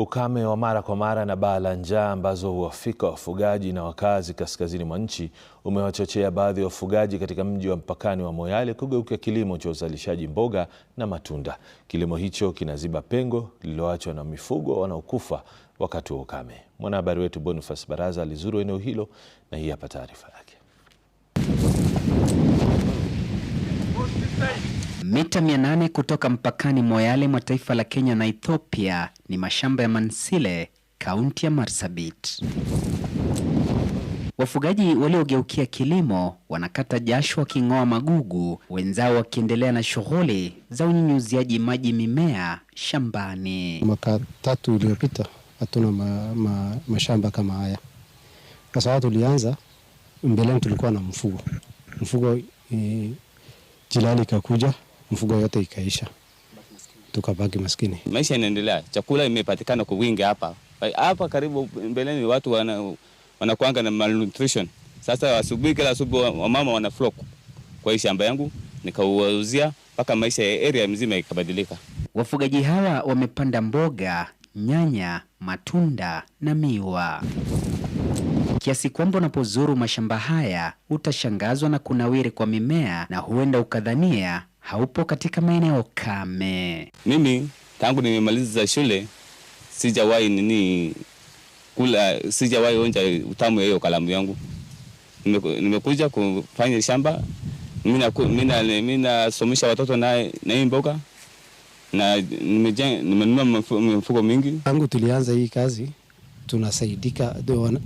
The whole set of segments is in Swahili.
Ukame wa mara kwa mara na baa la njaa ambazo huwafika wafugaji na wakazi kaskazini mwa nchi umewachochea baadhi ya wafugaji katika mji wa mpakani wa Moyale kugeuka kilimo cha uzalishaji mboga na matunda. Kilimo hicho kinaziba pengo lililoachwa na mifugo wanaokufa wakati wa ukame. Mwanahabari wetu Boniface Baraza alizuru eneo hilo na hii hapa taarifa yake. Mita 800 kutoka mpakani Moyale mwa taifa la Kenya na Ethiopia ni mashamba ya Mansile, kaunti ya Marsabit. Wafugaji waliogeukia kilimo wanakata jasho waking'oa magugu, wenzao wakiendelea na shughuli za unyunyuziaji maji mimea shambani. Mwaka tatu iliyopita hatuna ma, ma, mashamba kama haya kwa sababu tulianza mbeleni, tulikuwa na mfugo mfugo e, eh, jilali ikakuja mfugo yote ikaisha, tukabaki maskini. Maisha inaendelea, chakula imepatikana kwa wingi hapa hapa karibu. Mbeleni watu wana, wanakuanga na malnutrition. Sasa asubuhi, kila asubuhi wamama wana flock kwa hii shamba yangu, nikauuzia, mpaka maisha ya area mzima ikabadilika. Wafugaji hawa wamepanda mboga, nyanya, matunda na miwa kiasi kwamba unapozuru mashamba haya utashangazwa na kunawiri kwa mimea na huenda ukadhania haupo katika maeneo kame. Mimi tangu nimemaliza shule sijawahi nini kula, sijawahi onja utamu ya hiyo kalamu yangu. Nimekuja kufanya shamba, mimi nasomesha watoto na hii mboga na nimenunua mifuko mingi. Tangu tulianza hii kazi tunasaidika,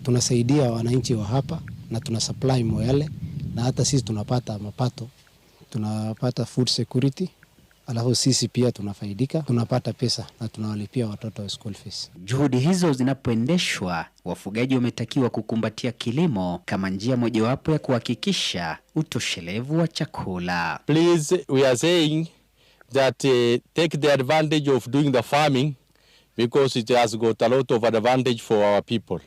tunasaidia wananchi wa hapa na tuna supply Moyale na hata sisi tunapata mapato tunapata food security, alafu sisi pia tunafaidika, tunapata pesa na tunawalipia watoto wa school fees. Juhudi hizo zinapoendeshwa, wafugaji wametakiwa kukumbatia kilimo kama njia mojawapo ya kuhakikisha utoshelevu wa chakula. Please, we are saying that uh, take the advantage of doing the farming because it has got a lot of advantage for our people.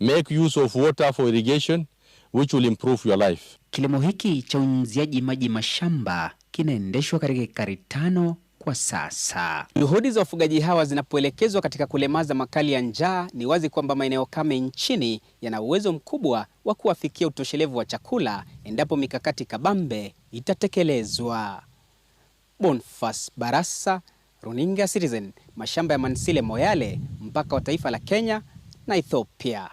Make use of water for irrigation which will improve your life. Kilimo hiki cha unyunyiziaji maji mashamba kinaendeshwa katika ekari tano kwa sasa. Juhudi za wafugaji hawa zinapoelekezwa katika kulemaza makali ya njaa, ni wazi kwamba maeneo kame nchini yana uwezo mkubwa wa kuwafikia utoshelevu wa chakula endapo mikakati kabambe itatekelezwa. Bonfas Barasa, Runinga Citizen, mashamba ya Mansile Moyale, mpaka wa taifa la Kenya na Ethiopia.